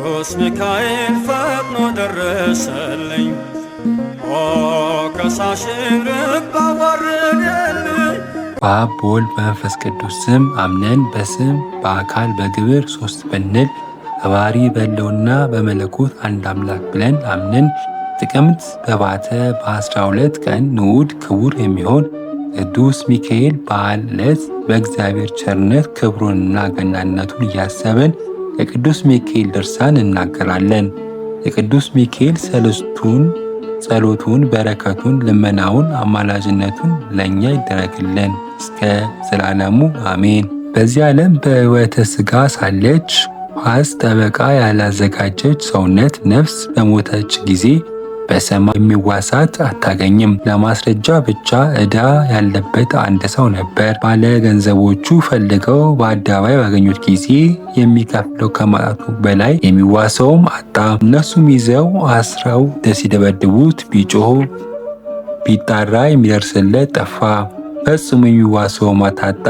ቅዱስ ሚካኤል ፈጥኖ ደረሰልኝ። ኦ ከሳሽን በአብ በመንፈስ ቅዱስ ስም አምነን በስም በአካል በግብር ሶስት ብንል በባህሪ በሕልውና በመለኮት አንድ አምላክ ብለን አምነን ጥቅምት በባተ በአስራ ሁለት ቀን ንዑድ ክቡር የሚሆን ቅዱስ ሚካኤል በዓል ዕለት በእግዚአብሔር ቸርነት ክብሩንና ገናነቱን እያሰብን የቅዱስ ሚካኤል ድርሳን እናገራለን። የቅዱስ ሚካኤል ሰለስቱን ጸሎቱን፣ በረከቱን፣ ልመናውን፣ አማላጅነቱን ለእኛ ይደረግልን እስከ ዘላለሙ አሜን። በዚህ ዓለም በሕይወተ ሥጋ ሳለች ሐስ ጠበቃ ያላዘጋጀች ሰውነት ነፍስ በሞተች ጊዜ በሰማይ የሚዋሳት አታገኝም። ለማስረጃ ብቻ እዳ ያለበት አንድ ሰው ነበር። ባለ ገንዘቦቹ ፈልገው በአደባባይ ባገኙት ጊዜ የሚከፍለው ከማጣቱ በላይ የሚዋሰውም አጣ። እነሱም ይዘው አስረው ሲደበድቡት ቢጮሁ ቢጣራ የሚደርስለት ጠፋ። ፈጽሞ የሚዋሰውም አታጣ።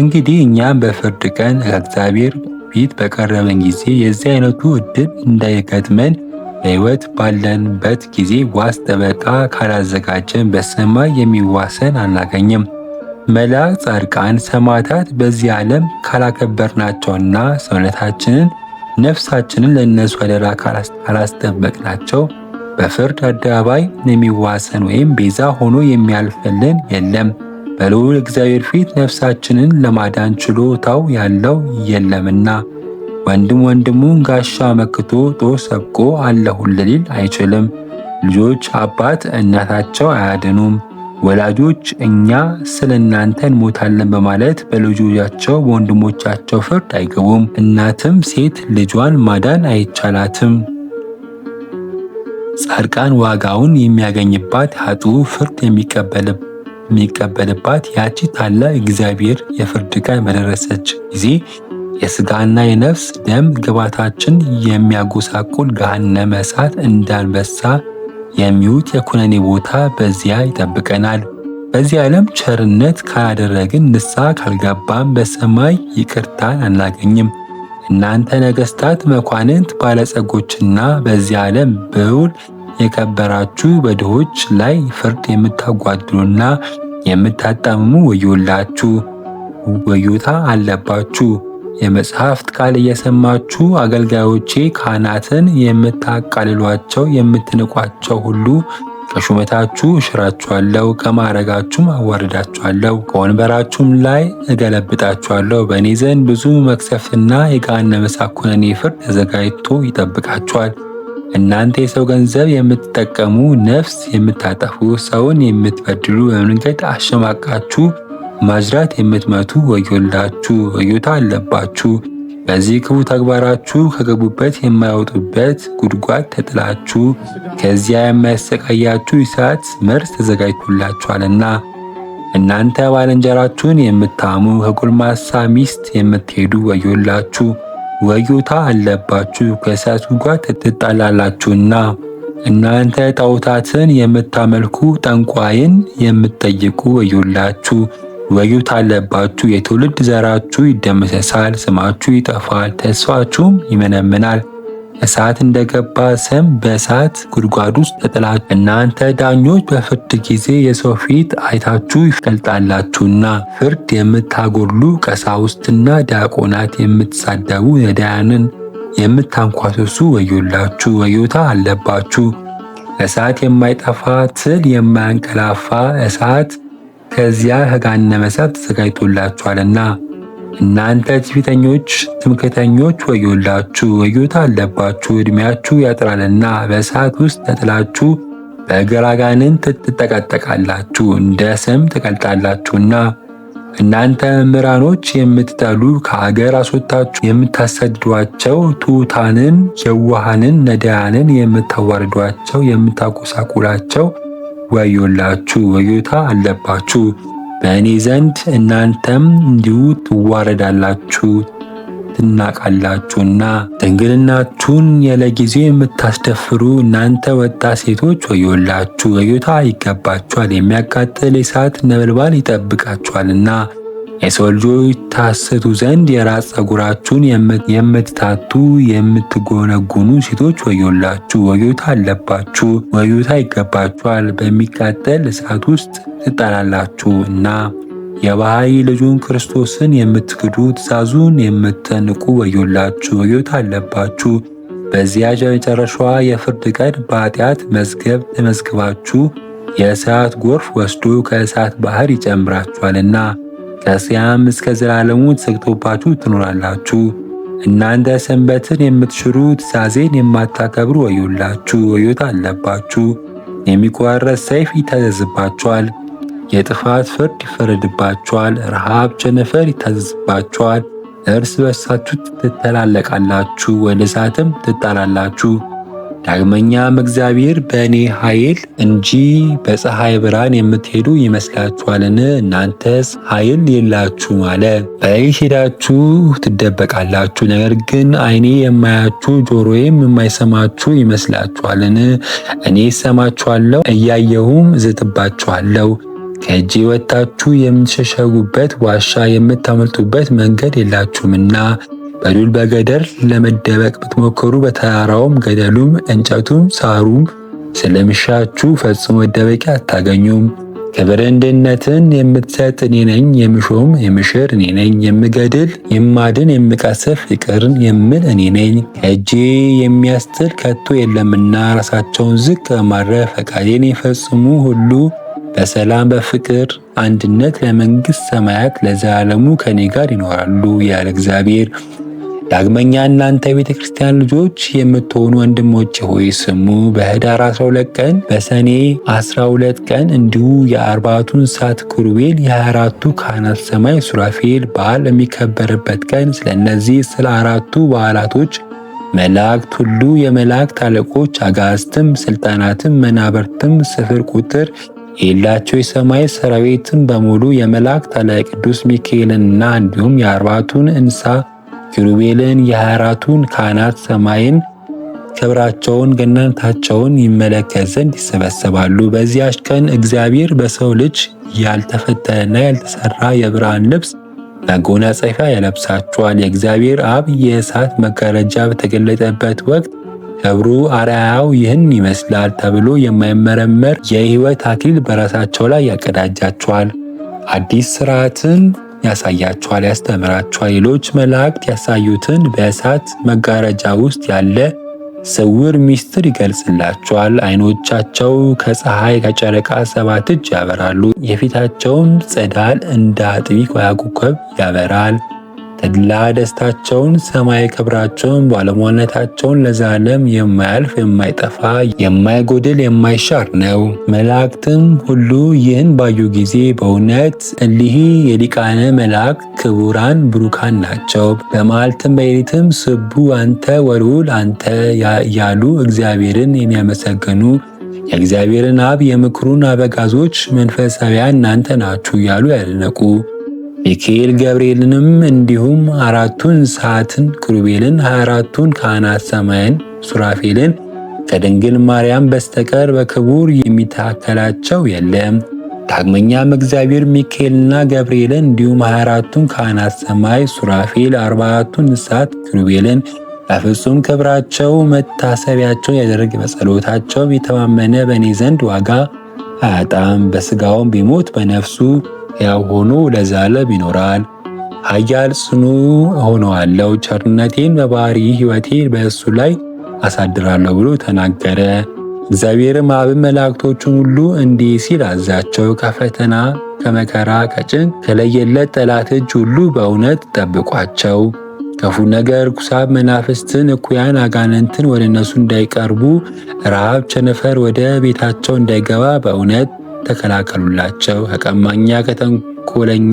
እንግዲህ እኛም በፍርድ ቀን ከእግዚአብሔር ፊት በቀረበን ጊዜ የዚህ አይነቱ እድል እንዳይገጥመን ለሕይወት ባለንበት ጊዜ ዋስ ጠበቃ ካላዘጋጀን በሰማይ የሚዋሰን አናገኝም። መላእክ፣ ጻድቃን፣ ሰማዕታት በዚህ ዓለም ካላከበርናቸውና ሰውነታችንን ነፍሳችንን ለእነሱ አደራ ካላስጠበቅናቸው በፍርድ አደባባይ የሚዋሰን ወይም ቤዛ ሆኖ የሚያልፍልን የለም። በልዑል እግዚአብሔር ፊት ነፍሳችንን ለማዳን ችሎታው ያለው የለምና ወንድም ወንድሙን ጋሻ መክቶ ጦር ሰብቆ አለሁል ሊል አይችልም። ልጆች አባት እናታቸው አያድኑም። ወላጆች እኛ ስለ እናንተ እንሞታለን በማለት በልጆቻቸው በወንድሞቻቸው ፍርድ አይገቡም። እናትም ሴት ልጇን ማዳን አይቻላትም። ጻድቃን ዋጋውን የሚያገኝባት ኃጡ ፍርድ የሚቀበልባት ያቺ ታላቅ እግዚአብሔር የፍርድ ቀን በደረሰች ጊዜ የሥጋና የነፍስ ደም ግባታችን የሚያጎሳቁል ገሃነመ እሳት እንዳንበሳ የሚውት የኩነኔ ቦታ በዚያ ይጠብቀናል። በዚህ ዓለም ቸርነት ካላደረግን፣ ንስሐ ካልገባም በሰማይ ይቅርታን አናገኝም። እናንተ ነገሥታት፣ መኳንንት፣ ባለጸጎችና በዚህ ዓለም ብውል የከበራችሁ በድሆች ላይ ፍርድ የምታጓድሉና የምታጣምሙ ወዮላችሁ፣ ወዮታ አለባችሁ። የመጽሐፍት ቃል እየሰማችሁ አገልጋዮቼ ካህናትን የምታቃልሏቸው የምትንቋቸው ሁሉ ከሹመታችሁ እሽራችኋለሁ፣ ከማዕረጋችሁም አዋርዳችኋለሁ፣ ከወንበራችሁም ላይ እገለብጣችኋለሁ። በእኔ ዘንድ ብዙ መክሰፍትና የገሃነመ ሳኩነኔ ፍርድ ተዘጋጅቶ ይጠብቃችኋል። እናንተ የሰው ገንዘብ የምትጠቀሙ፣ ነፍስ የምታጠፉ፣ ሰውን የምትበድሉ፣ በመንገድ አሸማቃችሁ ማዝራት የምትመቱ ወዮላችሁ፣ ወዮታ አለባችሁ። በዚህ ክፉ ተግባራችሁ ከገቡበት የማያወጡበት ጉድጓድ ተጥላችሁ ከዚያ የሚያሰቃያችሁ እሳት መርስ ተዘጋጅቶላችኋልና። እናንተ ባልንጀራችሁን የምታሙ ከጎልማሳ ሚስት የምትሄዱ ወዮላችሁ፣ ወዮታ አለባችሁ፣ ከእሳት ጉድጓድ ትጣላላችሁና። እናንተ ጣዖታትን የምታመልኩ ጠንቋይን የምትጠይቁ ወዮላችሁ ወዮታ አለባችሁ፣ የትውልድ ዘራችሁ ይደመሰሳል፣ ስማችሁ ይጠፋል፣ ተስፋችሁም ይመነምናል። እሳት እንደገባ ሰም በእሳት ጉድጓድ ውስጥ ተጥላችሁ እናንተ ዳኞች በፍርድ ጊዜ የሰው ፊት አይታችሁ ይፈልጣላችሁና ፍርድ የምታጎሉ ቀሳውስትና ዲያቆናት፣ የምትሳደቡ ነዳያንን የምታንኳሰሱ ወዮላችሁ፣ ወዮታ አለባችሁ። እሳት የማይጠፋ ትል የማያንቀላፋ እሳት ከዚያ ከገሃነመ እሳት ተዘጋጅቶላችኋልና። እናንተ ትዕቢተኞች፣ ትምክህተኞች ወዮላችሁ! ወዮታ አለባችሁ! ዕድሜያችሁ ያጥራልና በእሳት ውስጥ ተጥላችሁ በገራጋንን ትጠቀጠቃላችሁ፣ እንደ ሰም ትቀልጣላችሁና። እናንተ መምህራኖች የምትጠሉ ከአገር አስወጥታችሁ የምታሰድዷቸው ትሑታንን፣ የዋሃንን፣ ነዳያንን የምታዋርዷቸው፣ የምታጎሳቁላቸው ወዮላችሁ፣ ወዮታ አለባችሁ፣ በእኔ ዘንድ እናንተም እንዲሁ ትዋረዳላችሁ ትናቃላችሁና። ድንግልናችሁን ያለ ጊዜው የምታስደፍሩ እናንተ ወጣት ሴቶች ወዮላችሁ፣ ወዮታ ይገባችኋል፣ የሚያቃጥል የእሳት ነበልባል ይጠብቃችኋልና። የሰው ልጆች ታሰቱ ዘንድ የራስ ጸጉራችሁን የምትታቱ የምትጎነጉኑ ሴቶች ወዮላችሁ፣ ወዮታ አለባችሁ፣ ወዮታ ይገባችኋል። በሚቃጠል እሳት ውስጥ ትጣላላችሁ እና የባህሪ ልጁን ክርስቶስን የምትክዱ ትእዛዙን የምትንቁ ወዮላችሁ፣ ወዮታ አለባችሁ። በዚያ የመጨረሻዋ የፍርድ ቀን በኃጢአት መዝገብ ተመዝግባችሁ የእሳት ጎርፍ ወስዶ ከእሳት ባህር ይጨምራችኋልና ከዚያም እስከ ዘላለሙ ተዘግቶባችሁ ትኖራላችሁ። እናንተ ሰንበትን የምትሽሩ ትእዛዜን የማታከብሩ ወዮላችሁ፣ ወዮታ አለባችሁ። የሚቆራረጥ ሰይፍ ይታዘዝባችኋል፣ የጥፋት ፍርድ ይፈረድባችኋል፣ ረሃብ፣ ቸነፈር ይታዘዝባችኋል። እርስ በርሳችሁ ትተላለቃላችሁ፣ ወደ እሳትም ትጣላላችሁ። ዳግመኛም እግዚአብሔር በእኔ ኃይል እንጂ በፀሐይ ብርሃን የምትሄዱ ይመስላችኋልን? እናንተስ ኃይል የላችሁም አለ። በይህ ሄዳችሁ ትደበቃላችሁ። ነገር ግን ዓይኔ የማያችሁ ጆሮዬም የማይሰማችሁ ይመስላችኋልን? እኔ እሰማችኋለሁ፣ እያየሁም እዝትባችኋለሁ። ከእጄ ወጥታችሁ የምትሸሸጉበት ዋሻ፣ የምታመልጡበት መንገድ የላችሁምና በሉል በገደል ለመደበቅ ብትሞክሩ በተራራውም ገደሉም እንጨቱም ሳሩም ስለምሻችሁ ፈጽሞ መደበቂያ አታገኙም። ክብርንድነትን የምትሰጥ እኔ ነኝ። የምሾም የምሽር እኔ ነኝ። የምገድል የማድን የምቀስፍ ፍቅርን የምል እኔ ነኝ። ከእጄ የሚያስጥል ከቶ የለምና ራሳቸውን ዝቅ በማድረግ ፈቃዴን የፈጽሙ ሁሉ በሰላም በፍቅር አንድነት ለመንግሥት ሰማያት ለዘላለሙ ከእኔ ጋር ይኖራሉ ያለ እግዚአብሔር ዳግመኛ እናንተ የቤተ ክርስቲያን ልጆች የምትሆኑ ወንድሞች ሆይ ስሙ። በህዳር 12 ቀን በሰኔ 12 ቀን እንዲሁ የአርባቱ እንስሳት ኪሩቤል የአራቱ ካህናት ሰማይ ሱራፌል በዓል የሚከበርበት ቀን ስለነዚህ ስለ አራቱ በዓላቶች መላእክት ሁሉ የመላእክት አለቆች አጋዝትም፣ ስልጣናትም፣ መናበርትም ስፍር ቁጥር የሌላቸው የሰማይ ሰራዊትም በሙሉ የመላእክት አለቃ ቅዱስ ሚካኤልንና እንዲሁም የአርባቱን እንስሳ ኪሩቤልን የሃያ አራቱን ካህናት ሰማይን ክብራቸውን ገናታቸውን ይመለከት ዘንድ ይሰበሰባሉ። በዚያች ቀን እግዚአብሔር በሰው ልጅ ያልተፈተነና ያልተሰራ የብርሃን ልብስ መጎናጸፊያ ያለብሳቸዋል። የእግዚአብሔር አብ የእሳት መጋረጃ በተገለጠበት ወቅት ክብሩ አርያያው ይህን ይመስላል ተብሎ የማይመረመር የሕይወት አክሊል በራሳቸው ላይ ያቀዳጃቸዋል። አዲስ ሥርዓትን ያሳያችኋል፣ ያስተምራችኋል። ሌሎች መላእክት ያሳዩትን በእሳት መጋረጃ ውስጥ ያለ ስውር ሚስጥር ይገልጽላቸዋል። አይኖቻቸው ከፀሐይ ከጨረቃ ሰባት እጅ ያበራሉ። የፊታቸውም ጸዳል እንደ አጥቢ ኮከብ ያበራል። ተድላ ደስታቸውን ሰማይ ክብራቸውን ባለሟልነታቸውን ለዛለም የማያልፍ የማይጠፋ የማይጎድል የማይሻር ነው። መላእክትም ሁሉ ይህን ባዩ ጊዜ በእውነት እሊህ የሊቃነ መላእክት ክቡራን ብሩካን ናቸው፣ በመዓልትም በሌሊትም ስቡ አንተ ወልውል አንተ ያሉ እግዚአብሔርን የሚያመሰግኑ የእግዚአብሔርን አብ የምክሩን አበጋዞች መንፈሳዊያን እናንተ ናችሁ እያሉ ያደነቁ ሚካኤል ገብርኤልንም እንዲሁም አራቱን ሰዓትን ክሩቤልን፣ ሃያ አራቱን ካህናት ሰማይን፣ ሱራፌልን ከድንግል ማርያም በስተቀር በክቡር የሚታከላቸው የለም። ዳግመኛም እግዚአብሔር ሚካኤልና ገብርኤልን እንዲሁም ሃያ አራቱን ካህናት ሰማይ፣ ሱራፌል፣ አርባአቱን እንስሳት ክሩቤልን በፍጹም ክብራቸው መታሰቢያቸው ያደረግ በጸሎታቸው የተማመነ በእኔ ዘንድ ዋጋ አያጣም። በስጋውም ቢሞት በነፍሱ ያው ሆኖ ለዘላለም ይኖራል። ኃያል ጽኑ ሆነዋለው ቸርነቴን በባህሪ ሕይወቴን በእሱ ላይ አሳድራለሁ ብሎ ተናገረ። እግዚአብሔርም አብን መላእክቶቹን ሁሉ እንዲህ ሲል አዛቸው፣ ከፈተና ከመከራ ከጭንቅ ከለየለት ጠላት እጅ ሁሉ በእውነት ጠብቋቸው። ክፉ ነገር፣ ኩሳብ፣ መናፍስትን፣ እኩያን አጋንንትን ወደ እነሱ እንዳይቀርቡ፣ ረሃብ፣ ቸነፈር ወደ ቤታቸው እንዳይገባ በእውነት ተከላከሉላቸው። ከቀማኛ ከተንኮለኛ፣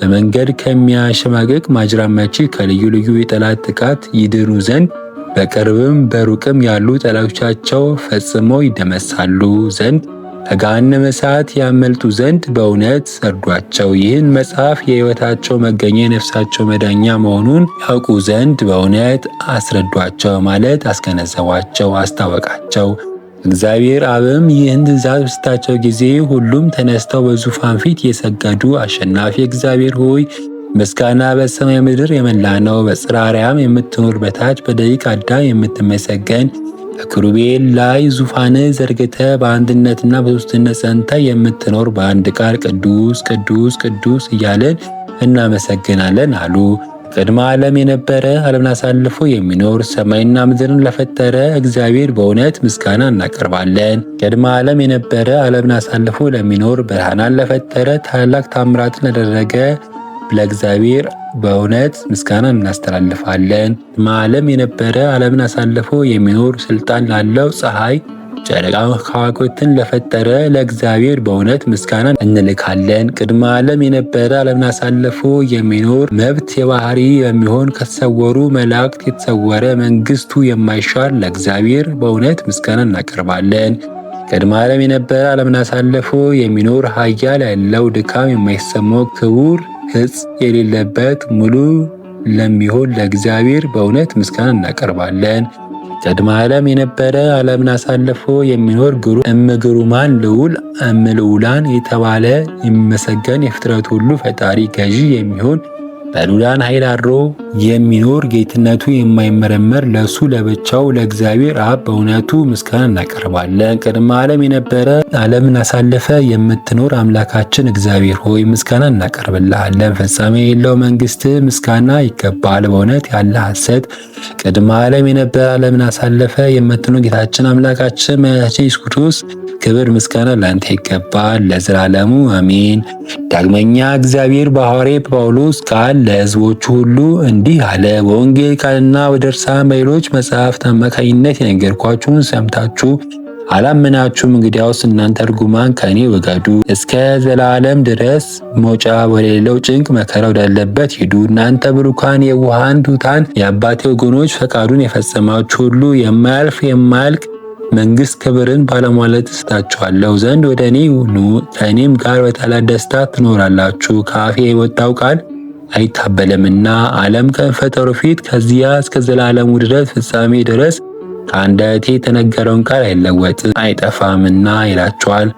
በመንገድ ከሚያሸማቅቅ ማጅራት ከልዩ ልዩ የጠላት ጥቃት ይድኑ ዘንድ በቅርብም በሩቅም ያሉ ጠላቶቻቸው ፈጽመው ይደመሳሉ ዘንድ ከገሃነመ እሳት ያመልጡ ዘንድ በእውነት እርዷቸው። ይህን መጽሐፍ የሕይወታቸው መገኛ የነፍሳቸው መዳኛ መሆኑን ያውቁ ዘንድ በእውነት አስረዷቸው ማለት አስገነዘቧቸው፣ አስታወቃቸው። እግዚአብሔር አብም ይህን ትእዛዝ በሰጣቸው ጊዜ ሁሉም ተነስተው በዙፋን ፊት የሰገዱ። አሸናፊ እግዚአብሔር ሆይ ምስጋና በሰማይ ምድር የመላ ነው። በጽራርያም የምትኖር በታች በደቂቅ አዳም የምትመሰገን በክሩቤል ላይ ዙፋን ዘርግተ በአንድነትና በሦስትነት ጸንተ የምትኖር በአንድ ቃል ቅዱስ ቅዱስ ቅዱስ እያለን እናመሰግናለን አሉ። ቅድመ ዓለም የነበረ ዓለምን አሳልፎ የሚኖር ሰማይና ምድርን ለፈጠረ እግዚአብሔር በእውነት ምስጋና እናቀርባለን። ቅድመ ዓለም የነበረ ዓለምን አሳልፎ ለሚኖር ብርሃናን ለፈጠረ ታላቅ ታምራትን ለደረገ ለእግዚአብሔር በእውነት ምስጋና እናስተላልፋለን። ቅድመ ዓለም የነበረ ዓለምን አሳልፎ የሚኖር ስልጣን ላለው ፀሐይ ጨረቃ ከዋክብትን ለፈጠረ ለእግዚአብሔር በእውነት ምስጋና እንልካለን። ቅድመ ዓለም የነበረ ዓለምን አሳልፎ የሚኖር መብት የባህሪ የሚሆን ከተሰወሩ መላእክት የተሰወረ መንግስቱ የማይሻር ለእግዚአብሔር በእውነት ምስጋና እናቀርባለን። ቅድመ ዓለም የነበረ ዓለምን አሳልፎ የሚኖር ኃያል ያለው ድካም የማይሰማው ክቡር ህጽ የሌለበት ሙሉ ለሚሆን ለእግዚአብሔር በእውነት ምስጋና እናቀርባለን። ቀድመ ዓለም የነበረ ዓለምን አሳልፎ የሚኖር ግሩ እምግሩማን ልዑል እምልዑላን የተባለ የሚመሰገን የፍጥረት ሁሉ ፈጣሪ ገዢ የሚሆን በሉዳን ኃይል አድሮ የሚኖር ጌትነቱ የማይመረመር ለሱ ለብቻው ለእግዚአብሔር አብ በእውነቱ ምስጋና እናቀርባለን። ቅድመ ዓለም የነበረ ዓለምን አሳልፈ የምትኖር አምላካችን እግዚአብሔር ሆይ ምስጋና እናቀርብልሃለን። ፍጻሜ የሌለው መንግስት ምስጋና ይገባል። በእውነት ያለ ሐሰት ቅድመ ዓለም የነበረ ዓለምን አሳልፈ የምትኖር ጌታችን አምላካችን መድኃኒታችን ኢየሱስ ክርስቶስ ክብር ምስጋና ላንተ ይገባል ለዘላለሙ አሜን። ዳግመኛ እግዚአብሔር በሐዋርያው ጳውሎስ ቃል ለሕዝቦቹ ሁሉ እንዲህ አለ። በወንጌል ቃልና በድርሳን በሌሎች መጽሐፍት አማካኝነት የነገርኳችሁን ሰምታችሁ አላመናችሁም። እንግዲያውስ እናንተ እርጉማን ከእኔ ወገዱ፣ እስከ ዘላለም ድረስ መውጫ ወደሌለው ጭንቅ መከራ ወዳለበት ሂዱ። እናንተ ብሩካን የውሃን ቱታን የአባቴ ወገኖች ፈቃዱን የፈጸማችሁ ሁሉ የማያልፍ የማያልቅ መንግስት ክብርን ባለሟለት ስታችኋለሁ ዘንድ ወደ እኔ ኑ፣ ከእኔም ጋር በታላቅ ደስታ ትኖራላችሁ። ከአፌ የወጣው ቃል አይታበለምና ዓለም ከመፈጠሩ ፊት ከዚያ እስከ ዘላለሙ ድረስ ፍጻሜ ድረስ ከአንደበቴ የተነገረውን ቃል አይለወጥም አይጠፋምና ይላቸዋል።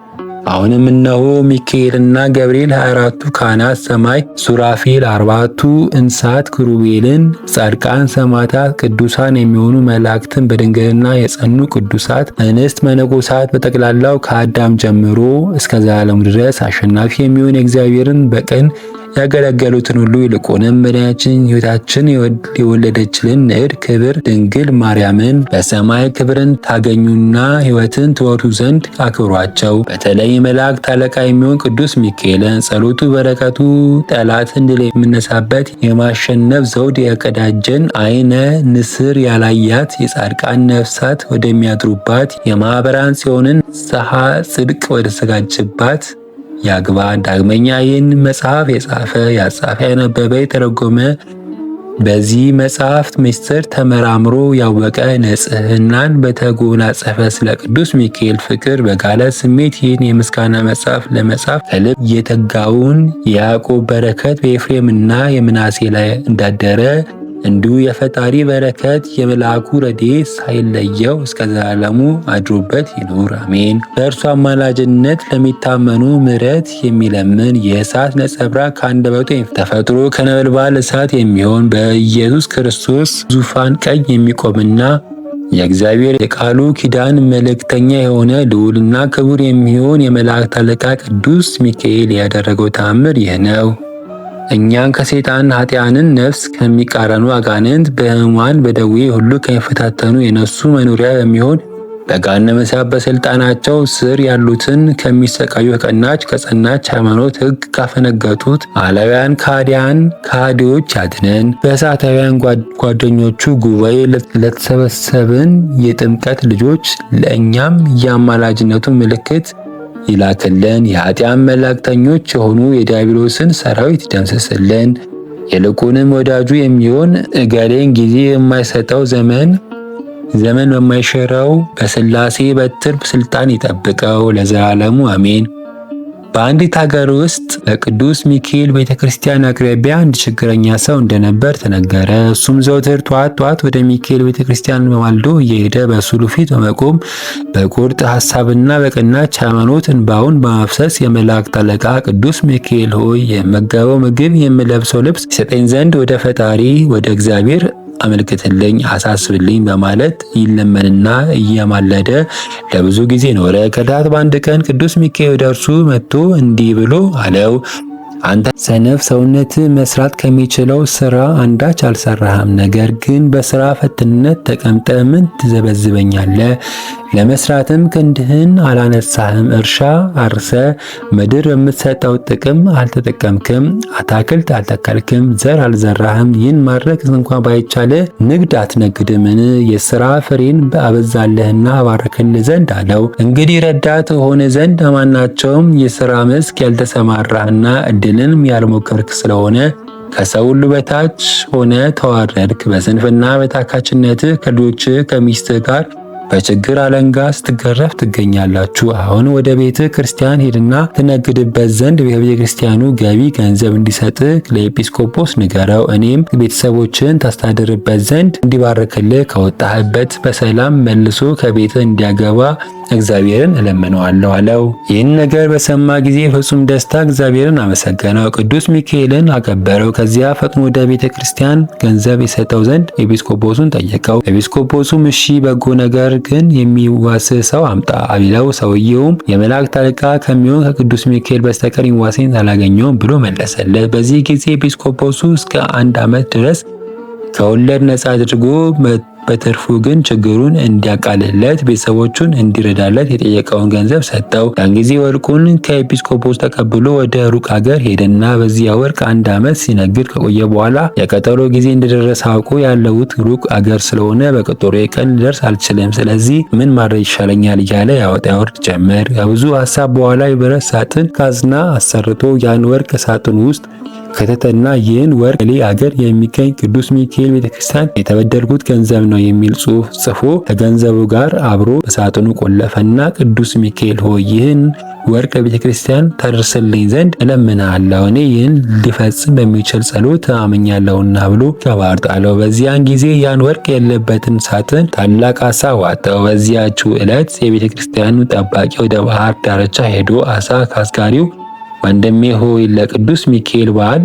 አሁንም እነሆ ሚካኤልና ገብርኤል 24ቱ ካህናት ሰማይ፣ ሱራፌል አርባቱ እንስሳት፣ ክሩቤልን ጻድቃን፣ ሰማዕታት፣ ቅዱሳን የሚሆኑ መላእክትን፣ በድንግልና የጸኑ ቅዱሳት እንስት፣ መነኮሳት በጠቅላላው ከአዳም ጀምሮ እስከ ዘላለሙ ድረስ አሸናፊ የሚሆን የእግዚአብሔርን በቀን ። ያገለገሉትን ሁሉ ይልቁንም መድኃኒታችን ሕይወታችን የወለደችልን ንዕድ ክብር ድንግል ማርያምን በሰማይ ክብርን ታገኙና ሕይወትን ትወቱ ዘንድ አክብሯቸው። በተለይ መላእክት አለቃ የሚሆን ቅዱስ ሚካኤልን ጸሎቱ በረከቱ ጠላት እንድል የምነሳበት የማሸነፍ ዘውድ ያቀዳጀን አይነ ንስር ያላያት የጻድቃን ነፍሳት ወደሚያድሩባት የማኅበራን ጽዮንን ፀሐ ጽድቅ ወደተዘጋጀባት ያግባ። ዳግመኛ ይህን መጽሐፍ የጻፈ ያጻፈ፣ ያነበበ፣ የተረጎመ በዚህ መጽሐፍት ምስጢር ተመራምሮ ያወቀ ንጽህናን በተጎናጸፈ ስለ ቅዱስ ሚካኤል ፍቅር በጋለ ስሜት ይህን የምስጋና መጽሐፍ ለመጻፍ ከልብ የተጋውን የያዕቆብ በረከት በኤፍሬምና የምናሴ ላይ እንዳደረ እንዲሁ የፈጣሪ በረከት የመልአኩ ረድኤት ሳይለየው እስከ ዘላለሙ አድሮበት ይኑር አሜን። በእርሱ አማላጅነት ለሚታመኑ ምሕረት የሚለምን የእሳት ነጸብራቅ ከአንደበቱ ተፈጥሮ ከነበልባል እሳት የሚሆን በኢየሱስ ክርስቶስ ዙፋን ቀኝ የሚቆምና የእግዚአብሔር የቃሉ ኪዳን መልእክተኛ የሆነ ልዑልና ክቡር የሚሆን የመላእክት አለቃ ቅዱስ ሚካኤል ያደረገው ተአምር ይህ ነው። እኛን ከሰይጣን ኃጢያንን ነፍስ ከሚቃረኑ አጋንንት በሕሙማን በደዌ ሁሉ ከሚፈታተኑ የነሱ መኖሪያ በሚሆን በጋነ እሳት በስልጣናቸው ስር ያሉትን ከሚሰቃዩ ከቀናች ከጸናች ሃይማኖት ሕግ ካፈነገጡት አላውያን ካዲያን ካዲዎች ያድነን። በእሳታውያን ጓደኞቹ ጉባኤ ለተሰበሰብን የጥምቀት ልጆች ለእኛም የአማላጅነቱ ምልክት ይላክልን። የኃጢአን መላእክተኞች የሆኑ የዲያብሎስን ሰራዊት ደምሰስልን። ይልቁንም ወዳጁ የሚሆን እገሌን ጊዜ የማይሰጠው ዘመን ዘመን በማይሽረው በስላሴ በትር ስልጣን ይጠብቀው ለዘላለሙ አሜን። በአንዲት ሀገር ውስጥ በቅዱስ ሚካኤል ቤተ ክርስቲያን አቅራቢያ አንድ ችግረኛ ሰው እንደነበር ተነገረ። እሱም ዘውትር ጠዋት ጠዋት ወደ ሚካኤል ቤተ ክርስቲያን በማልዶ እየሄደ በሱሉ ፊት በመቆም በቁርጥ ሀሳብና በቅናች ሃይማኖት እንባውን በማፍሰስ የመላእክት አለቃ ቅዱስ ሚካኤል ሆይ የምመገበው ምግብ፣ የምለብሰው ልብስ ይሰጠኝ ዘንድ ወደ ፈጣሪ ወደ እግዚአብሔር አመልክትልኝ፣ አሳስብልኝ በማለት ይለመንና እየማለደ ለብዙ ጊዜ ኖረ። ከዳት በአንድ ቀን ቅዱስ ሚካኤል ደርሱ መጥቶ እንዲህ ብሎ አለው። አንተ ሰነፍ ሰውነት መስራት ከሚችለው ስራ አንዳች አልሰራህም። ነገር ግን በስራ ፈትነት ተቀምጠ ምን ትዘበዝበኛለህ? ለመስራትም ክንድህን አላነሳህም። እርሻ አርሰ ምድር የምትሰጠው ጥቅም አልተጠቀምክም። አታክልት አልተከልክም። ዘር አልዘራህም። ይህን ማድረግ እንኳ ባይቻልህ ንግድ አትነግድምን? የስራ ፍሬን አበዛለህና አባረክል ዘንድ አለው። እንግዲህ ረዳት ሆነ ዘንድ አማናቸውም የስራ መስክ ያልተሰማራህና እድልንም ያልሞከርክ ስለሆነ ከሰው ሁሉ በታች ሆነ ተዋረድክ። በስንፍና በታካችነት ከልጆች ከሚስት ጋር በችግር አለንጋ ስትገረፍ ትገኛላችሁ። አሁን ወደ ቤተ ክርስቲያን ሄድና ትነግድበት ዘንድ በቤተ ክርስቲያኑ ገቢ ገንዘብ እንዲሰጥ ለኤጲስቆጶስ ንገረው። እኔም ቤተሰቦችን ታስተዳድርበት ዘንድ እንዲባርክልህ ከወጣህበት በሰላም መልሶ ከቤት እንዲያገባ እግዚአብሔርን እለምነዋለሁ አለው። ይህን ነገር በሰማ ጊዜ ፍጹም ደስታ እግዚአብሔርን አመሰገነው፣ ቅዱስ ሚካኤልን አከበረው። ከዚያ ፈጥኖ ወደ ቤተ ክርስቲያን ገንዘብ የሰጠው ዘንድ ኤጲስቆጶሱን ጠየቀው። ኤጲስቆጶሱም እሺ በጎ ነገር ግን የሚዋስህ ሰው አምጣ አቢለው ሰውየውም የመላእክት አለቃ ከሚሆን ከቅዱስ ሚካኤል በስተቀር ይዋሴን አላገኘውም ብሎ መለሰለት። በዚህ ጊዜ ኤጲስቆጶሱ እስከ አንድ ዓመት ድረስ ከወለድ ነፃ አድርጎ በትርፉ ግን ችግሩን እንዲያቃልለት ቤተሰቦቹን እንዲረዳለት የጠየቀውን ገንዘብ ሰጠው። ያን ጊዜ ወርቁን ከኤጲስቆጶስ ተቀብሎ ወደ ሩቅ ሀገር ሄደና በዚያ ወርቅ አንድ ዓመት ሲነግድ ከቆየ በኋላ የቀጠሮ ጊዜ እንደደረሰ አውቆ ያለሁት ሩቅ አገር ስለሆነ በቀጠሮ ቀን ልደርስ አልችልም፣ ስለዚህ ምን ማድረግ ይሻለኛል እያለ ያወጣ ያወርድ ጀመር። ከብዙ ሀሳብ በኋላ የብረት ሳጥን ካዝና አሰርቶ ያን ወርቅ ሳጥን ውስጥ ከተተና ይህን ወርቅ ሌ አገር የሚገኝ ቅዱስ ሚካኤል ቤተክርስቲያን የተበደርኩት ገንዘብ ነው የሚል ጽሑፍ ጽፎ ከገንዘቡ ጋር አብሮ በሳጥኑ ቆለፈና ቅዱስ ሚካኤል ሆይ ይህን ወርቅ ቤተክርስቲያን ክርስቲያን ዘንድ እለምናለሁ እኔ ይህን ሊፈጽም በሚችል ጸሎት አምኛለሁና ብሎ ከባር በዚያን ጊዜ ያን ወርቅ የለበትን ሳጥን ታላቅ አሳ ዋጠው። በዚያችው ዕለት የቤተ ክርስቲያኑ ጠባቂ ወደ ባህር ዳርቻ ሄዶ አሳ ካስጋሪው ወንድሜ ሆይ ለቅዱስ ሚካኤል በዓል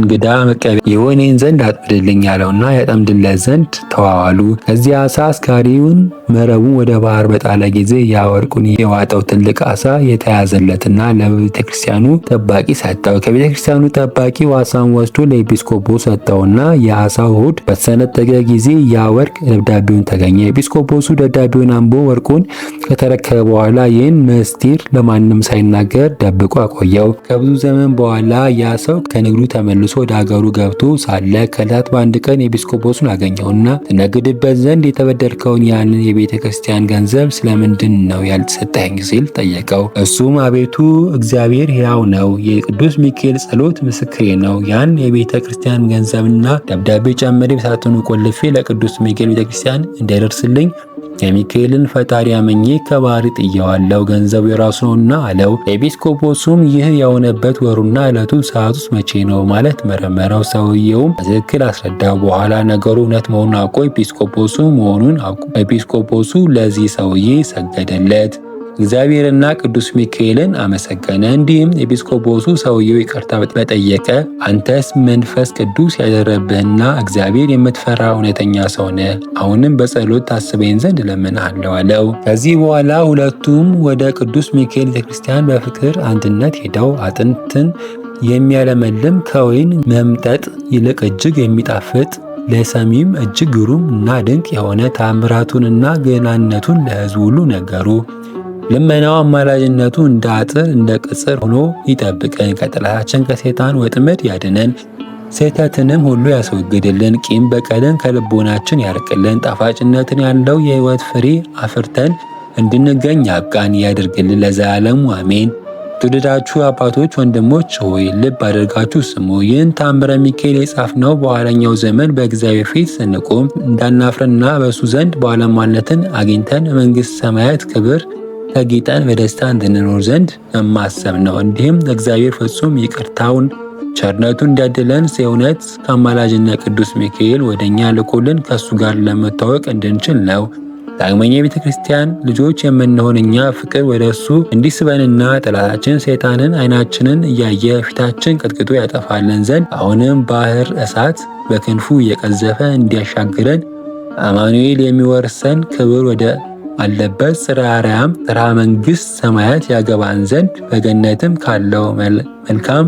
እንግዳ መቀበያ የወይኔን ዘንድ አጥምድልኝ ያለውና ያጠምድለት ዘንድ ተዋዋሉ። ከዚያ አሳ አስካሪውን መረቡን ወደ ባህር በጣለ ጊዜ ያወርቁን የዋጠው ትልቅ አሳ የተያዘለትና ለቤተክርስቲያኑ ጠባቂ ሰጠው። ከቤተክርስቲያኑ ጠባቂ ዋሳን ወስዶ ለኤጲስቆጶ ሰጠውና የዓሣው ሆድ በተሰነጠቀ ጊዜ ያ ወርቅ ደብዳቤውን ተገኘ። ኤጲስቆጶሱ ደብዳቤውን አንቦ ወርቁን ከተረከበ በኋላ ይህን ምስጢር ለማንም ሳይናገር ደብቆ አቆየው። ከብዙ ዘመን በኋላ ያ ሰው ከንግዱ ተመለ ተመልሶ ወደ ሀገሩ ገብቶ ሳለ ከዕለታት በአንድ ቀን ኤጲስቆጶሱን አገኘውና ትነግድበት ዘንድ የተበደርከውን ያንን የቤተ ክርስቲያን ገንዘብ ስለምንድን ነው ያልተሰጠኝ ሲል ጠየቀው። እሱም አቤቱ እግዚአብሔር ሕያው ነው፣ የቅዱስ ሚካኤል ጸሎት ምስክሬ ነው። ያን የቤተ ክርስቲያን ገንዘብና ደብዳቤ ጨምሬ በሳጥኑ ቆልፌ ለቅዱስ ሚካኤል ቤተ ክርስቲያን እንዳይደርስልኝ የሚካኤልን ፈጣሪ አመኜ ከባህሪ ጥየዋለው ገንዘቡ የራሱ ነውና አለው። ኤጲስቆጶሱም ይህ የሆነበት ወሩና ዕለቱ ሰዓቱስ መቼ ነው ማለት መረመረው። ሰውየውም በትክክል አስረዳው። በኋላ ነገሩ እውነት መሆኑን አውቆ ኤጲስቆጶሱ መሆኑን አውቆ ኤጲስቆጶሱ ለዚህ ሰውዬ ሰገደለት። እግዚአብሔርና ቅዱስ ሚካኤልን አመሰገነ። እንዲህም ኤጲስቆጶሱ ሰውየው ይቅርታ በጠየቀ አንተስ መንፈስ ቅዱስ ያደረብህና እግዚአብሔር የምትፈራ እውነተኛ ሰው ነህ። አሁንም በጸሎት ታስበኝ ዘንድ እለምንሃለሁ አለው። ከዚህ በኋላ ሁለቱም ወደ ቅዱስ ሚካኤል ቤተክርስቲያን በፍቅር አንድነት ሄደው አጥንትን የሚያለመልም ከወይን መምጠጥ ይልቅ እጅግ የሚጣፍጥ ለሰሚም እጅግ ግሩም እና ድንቅ የሆነ ታምራቱንና ገናነቱን ለሕዝብ ሁሉ ነገሩ። ልመናው አማላጅነቱ እንደ አጥር እንደ ቅጽር ሆኖ ይጠብቀን፣ ከጠላታችን ከሴጣን ወጥመድ ያድነን፣ ስህተትንም ሁሉ ያስወግድልን፣ ቂም በቀልን ከልቦናችን ያርቅልን፣ ጣፋጭነትን ያለው የህይወት ፍሬ አፍርተን እንድንገኝ አብቃን ያድርግልን፣ ለዘላለሙ አሜን። ትውልዳችሁ አባቶች፣ ወንድሞች ሆይ ልብ አድርጋችሁ ስሙ። ይህን ታምረ ሚካኤል የጻፍነው በኋለኛው ዘመን በእግዚአብሔር ፊት ስንቆም እንዳናፍርና በእሱ ዘንድ ባለሟልነትን አግኝተን መንግሥተ ሰማያት ክብር ተጌጠን በደስታ እንድንኖር ዘንድ ማሰብ ነው። እንዲህም እግዚአብሔር ፍጹም ይቅርታውን ቸርነቱ እንዲያድለን የእውነት ከአማላጅና ቅዱስ ሚካኤል ወደ እኛ ልኮልን ከእሱ ጋር ለመታወቅ እንድንችል ነው። ዳግመኛ የቤተ ክርስቲያን ልጆች የምንሆን እኛ ፍቅር ወደ እሱ እንዲስበንና ጠላታችን ሰይጣንን አይናችንን እያየ ፊታችን ቀጥቅጦ ያጠፋለን ዘንድ አሁንም ባህር እሳት በክንፉ እየቀዘፈ እንዲያሻግረን አማኑኤል የሚወርሰን ክብር ወደ አለበት ጽራ አርያም ጽራ መንግሥት ሰማያት ያገባን ዘንድ በገነትም ካለው መልካም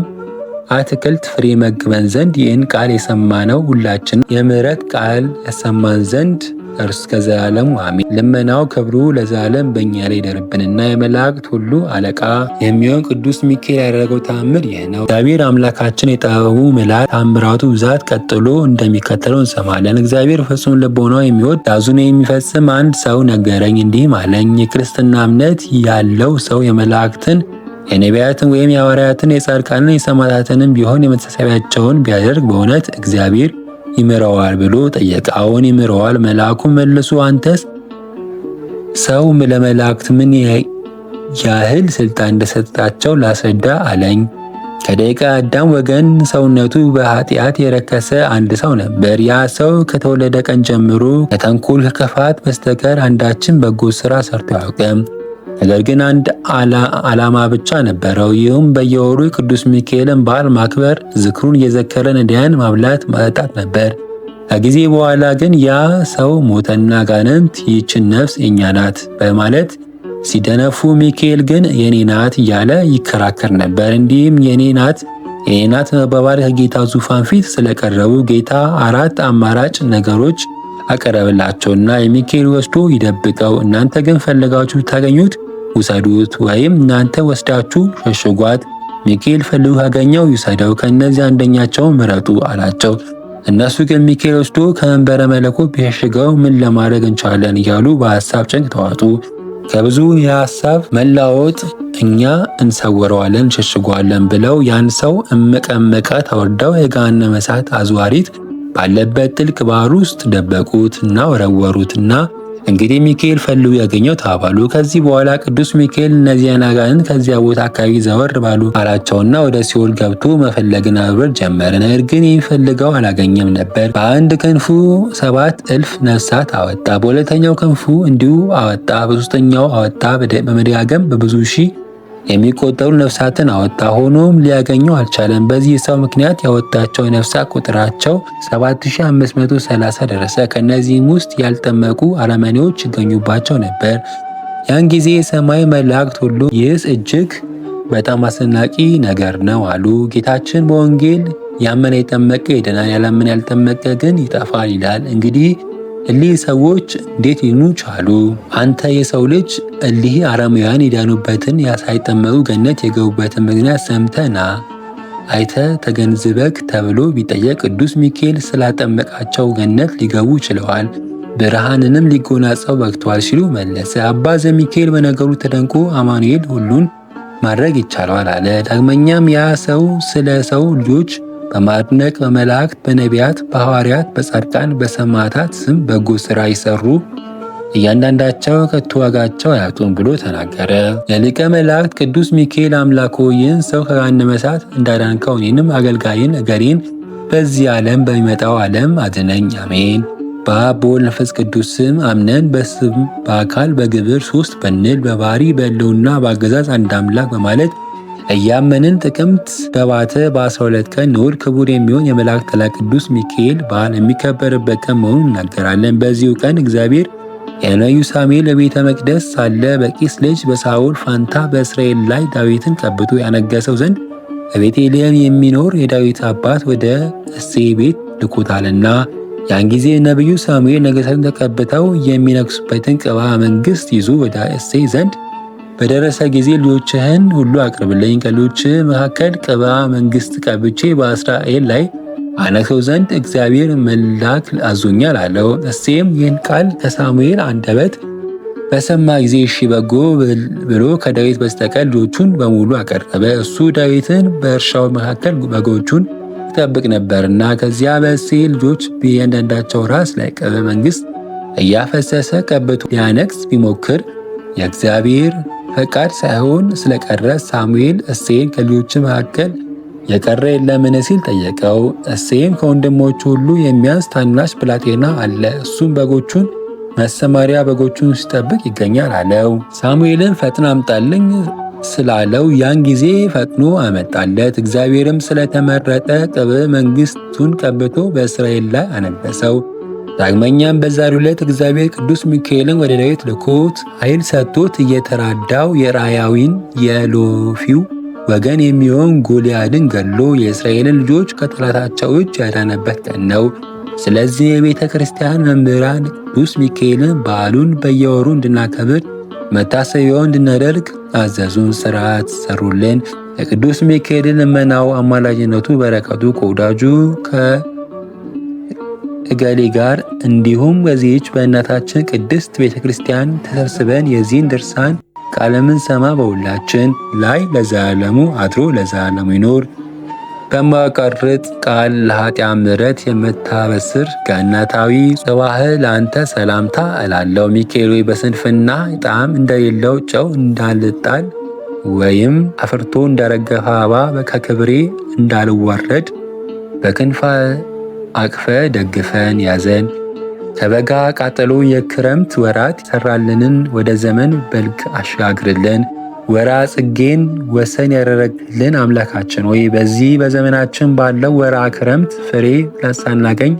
አትክልት ፍሬ መግበን ዘንድ ይህን ቃል የሰማነው ሁላችን የምሕረት ቃል ያሰማን ዘንድ እስከ ዘላለሙ አሜን። ልመናው ክብሩ ለዘላለም በእኛ ላይ ይደርብንና የመላእክት ሁሉ አለቃ የሚሆን ቅዱስ ሚካኤል ያደረገው ተአምር ይህ ነው። እግዚአብሔር አምላካችን የጠበቡ መልአክ ታምራቱ ብዛት ቀጥሎ እንደሚከተለው እንሰማለን። እግዚአብሔር ፍጹም ልቦናው የሚወድ ትእዛዙን የሚፈጽም አንድ ሰው ነገረኝ፣ እንዲህም አለኝ የክርስትና እምነት ያለው ሰው የመላእክትን የነቢያትን ወይም የሐዋርያትን የጻድቃንን የሰማዕታትንም ቢሆን የመተሳሰቢያቸውን ቢያደርግ በእውነት እግዚአብሔር ይምረዋል ብሎ ጠየቀ። አዎን ይምረዋል። መልአኩ መልሶ አንተስ ሰው ለመላእክት ምን ያህል ስልጣን እንደሰጣቸው ላስረዳ አለኝ። ከደቂቀ አዳም ወገን ሰውነቱ በኃጢአት የረከሰ አንድ ሰው ነበር። ያ ሰው ከተወለደ ቀን ጀምሮ ከተንኮል፣ ከክፋት በስተቀር አንዳችን በጎ ስራ ሰርቶ አያውቅም። ነገር ግን አንድ ዓላማ ብቻ ነበረው። ይህም በየወሩ የቅዱስ ሚካኤልን በዓል ማክበር፣ ዝክሩን እየዘከረ ነዳያን ማብላት፣ ማጠጣት ነበር። ከጊዜ በኋላ ግን ያ ሰው ሞተና ጋነንት ይህችን ነፍስ የኛ ናት በማለት ሲደነፉ፣ ሚካኤል ግን የኔ ናት እያለ ይከራከር ነበር። እንዲህም የኔ ናት የኔ ናት መባባል ከጌታ ዙፋን ፊት ስለቀረቡ ጌታ አራት አማራጭ ነገሮች አቀረብላቸውና የሚካኤል ወስዶ ይደብቀው እናንተ ግን ፈልጋችሁ ታገኙት ውሰዱት ወይም እናንተ ወስዳችሁ ሸሽጓት። ሚካኤል ፈልጎ ካገኘው ይውሰደው፣ ከእነዚህ አንደኛቸው ምረጡ አላቸው። እነሱ ግን ሚካኤል ወስዶ ከመንበረ መለኮት ቢሸሽገው ምን ለማድረግ እንችላለን እያሉ በሀሳብ ጭንቅ ተዋጡ። ከብዙ የሀሳብ መላወጥ እኛ እንሰውረዋለን ሸሽጓለን ብለው ያን ሰው እመቀመቀ ተወርደው የገሃነመ እሳት አዝዋሪት ባለበት ጥልቅ ባህር ውስጥ ደበቁት እና ወረወሩትና እንግዲህ ሚካኤል ፈልጉ ያገኘው ተባባሉ። ከዚህ በኋላ ቅዱስ ሚካኤል እነዚያን አጋንንት ከዚያ ቦታ አካባቢ ዘወር ባሉ አላቸውና ወደ ሲኦል ገብቶ መፈለግን አብረር ጀመረ። ነገር ግን የሚፈልገው አላገኘም ነበር። በአንድ ክንፉ ሰባት እልፍ ነፍሳት አወጣ፣ በሁለተኛው ክንፉ እንዲሁ አወጣ፣ በሶስተኛው አወጣ። በመደጋገም በብዙ ሺህ የሚቆጠሩ ነፍሳትን አወጣ፣ ሆኖም ሊያገኘው አልቻለም። በዚህ ሰው ምክንያት ያወጣቸው ነፍሳት ቁጥራቸው 7530 ደረሰ። ከእነዚህም ውስጥ ያልጠመቁ አረመኔዎች ይገኙባቸው ነበር። ያን ጊዜ የሰማይ መላእክት ሁሉ ይህስ እጅግ በጣም አስደናቂ ነገር ነው አሉ። ጌታችን በወንጌል ያመነ የጠመቀ ይድናል፣ ያላመነ ያልጠመቀ ግን ይጠፋል ይላል። እንግዲህ እሊህ ሰዎች እንዴት ይኑ ቻሉ? አንተ የሰው ልጅ እሊህ አረማውያን የዳኑበትን ሳይጠመቁ ገነት የገቡበትን ምክንያት ሰምተና አይተ ተገንዝበክ ተብሎ ቢጠየቅ ቅዱስ ሚካኤል ስላጠመቃቸው ገነት ሊገቡ ችለዋል፣ ብርሃንንም ሊጎናጸው በቅተዋል ሲሉ መለሰ። አባ ዘሚካኤል በነገሩ ተደንቆ አማኑኤል ሁሉን ማድረግ ይቻለዋል አለ። ዳግመኛም ያ ሰው ስለ ሰው ልጆች በማድነቅ በመላእክት፣ በነቢያት፣ በሐዋርያት፣ በጻድቃን፣ በሰማዕታት ስም በጎ ሥራ ይሰሩ እያንዳንዳቸው ከቶ ዋጋቸው አያጡም ብሎ ተናገረ። ለሊቀ መላእክት ቅዱስ ሚካኤል አምላኮ ይህን ሰው ከገሃነመ መሳት እንዳዳንከው እኔንም አገልጋይን እገሬን በዚህ ዓለም በሚመጣው ዓለም አድነኝ፣ አሜን። በአብ በወልድ መንፈስ ቅዱስ ስም አምነን በስም በአካል በግብር ሶስት በንል በባህሪ በሕልውና በአገዛዝ አንድ አምላክ በማለት እያመንን ጥቅምት በባተ በ12 ቀን ንዑድ ክቡር የሚሆን የመላእክት አለቃ ቅዱስ ሚካኤል በዓል የሚከበርበት ቀን መሆኑን እናገራለን። በዚሁ ቀን እግዚአብሔር የነዩ ሳሙኤል በቤተ መቅደስ ሳለ በቂስ ልጅ በሳውል ፋንታ በእስራኤል ላይ ዳዊትን ቀብቶ ያነገሰው ዘንድ በቤተልሔም የሚኖር የዳዊት አባት ወደ እሴ ቤት ልኮታልና ያን ጊዜ ነቢዩ ሳሙኤል ነገሥታትን ተቀብተው የሚነግሱበትን ቅባ መንግሥት ይዞ ወደ እሴ ዘንድ በደረሰ ጊዜ ልጆችህን ሁሉ አቅርብልኝ። ከልጆች መካከል ቅባ መንግሥት ቀብቼ በእስራኤል ላይ አነግሠው ዘንድ እግዚአብሔር መልአክ አዞኛል አለው። እሴይም ይህን ቃል ከሳሙኤል አንደበት በሰማ ጊዜ እሺ በጎ ብሎ ከዳዊት በስተቀር ልጆቹን በሙሉ አቀረበ። እሱ ዳዊትን በእርሻው መካከል በጎቹን ይጠብቅ ነበርና። ከዚያ በእሴይ ልጆች በእያንዳንዳቸው ራስ ላይ ቅባ መንግሥት እያፈሰሰ ቀብቶ ሊያነግሥ ቢሞክር የእግዚአብሔር ፈቃድ ሳይሆን ስለቀረ ሳሙኤል እሴይን ከልጆች መካከል የቀረ የለምን ሲል ጠየቀው። እሴይም ከወንድሞቹ ሁሉ የሚያንስ ታናሽ ብላቴና አለ፣ እሱም በጎቹን መሰማሪያ በጎቹን ሲጠብቅ ይገኛል አለው። ሳሙኤልን ፈጥና አምጣልኝ ስላለው ያን ጊዜ ፈጥኖ አመጣለት። እግዚአብሔርም ስለተመረጠ ቅብዕ መንግስቱን ቀብቶ በእስራኤል ላይ አነበሰው። ዳግመኛም በዛሬው ዕለት እግዚአብሔር ቅዱስ ሚካኤልን ወደ ዳዊት ልኮት ኃይል ሰጥቶት እየተራዳው የራያዊን የሎፊው ወገን የሚሆን ጎልያድን ገሎ የእስራኤልን ልጆች ከጠላታቸው እጅ ያዳነበት ቀን ነው። ስለዚህ የቤተ ክርስቲያን መምህራን ቅዱስ ሚካኤልን በዓሉን በየወሩ እንድናከብር መታሰቢያውን እንድናደርግ አዘዙን፣ ስርዓት ሰሩልን። የቅዱስ ሚካኤልን ልመናው፣ አማላጅነቱ፣ በረከቱ ከወዳጁ ከ እገሌ ጋር እንዲሁም በዚህች በእናታችን ቅድስት ቤተ ክርስቲያን ተሰብስበን የዚህን ድርሳን ቃለምን ሰማ በሁላችን ላይ ለዘላለሙ አድሮ ለዘላለሙ ይኖር። በማቀርጥ ቃል ለኃጢአን ምረት የምታበስር ገነታዊ ጽባህ ለአንተ ሰላምታ እላለው። ሚካኤል ሆይ በስንፍና ጣዕም እንደሌለው ጨው እንዳልጣል ወይም አፍርቶ እንደረገፈ አበባ ከክብሬ እንዳልዋረድ በክንፈ አቅፈ ደግፈን ያዘን። ከበጋ ቃጠሎ የክረምት ወራት ሰራልንን ወደ ዘመን በልግ አሸጋግርልን። ወራ ጽጌን ወሰን ያደረግልን አምላካችን ወይ በዚህ በዘመናችን ባለው ወራ ክረምት ፍሬ ሳናገኝ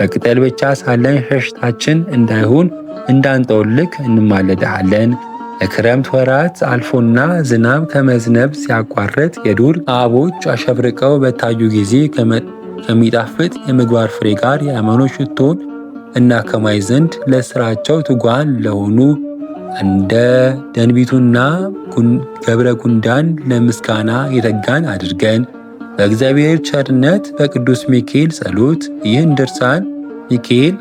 በቅጠል ብቻ ሳለን ሸሽታችን እንዳይሆን እንዳንጠውልክ እንማለድሃለን። የክረምት ወራት አልፎና ዝናብ ከመዝነብ ሲያቋርጥ የዱር አበቦች አሸብርቀው በታዩ ጊዜ ከሚጣፍጥ የምግባር ፍሬ ጋር የሃይማኖት ሽቶን እና ከማይ ዘንድ ለስራቸው ትጓን ለሆኑ እንደ ደንቢቱና ገብረ ጉንዳን ለምስጋና የተጋን አድርገን በእግዚአብሔር ቸርነት በቅዱስ ሚካኤል ጸሎት ይህን ድርሳን ሚካኤል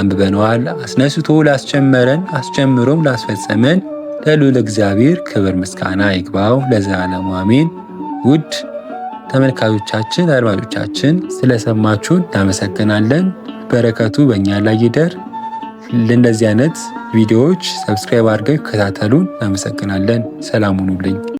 አንብበነዋል። አስነስቶ ላስጀመረን አስጀምሮም ላስፈጸመን ለልዑል እግዚአብሔር ክብር ምስጋና ይግባው ለዘላለሙ አሜን። ውድ ተመልካቾቻችን፣ አድማጮቻችን ስለሰማችሁ እናመሰግናለን። በረከቱ በእኛ ላይ ይደር። ለእንደዚህ አይነት ቪዲዮዎች ሰብስክራይብ አድርገው ይከታተሉን። እናመሰግናለን። ሰላም ሁኑልኝ።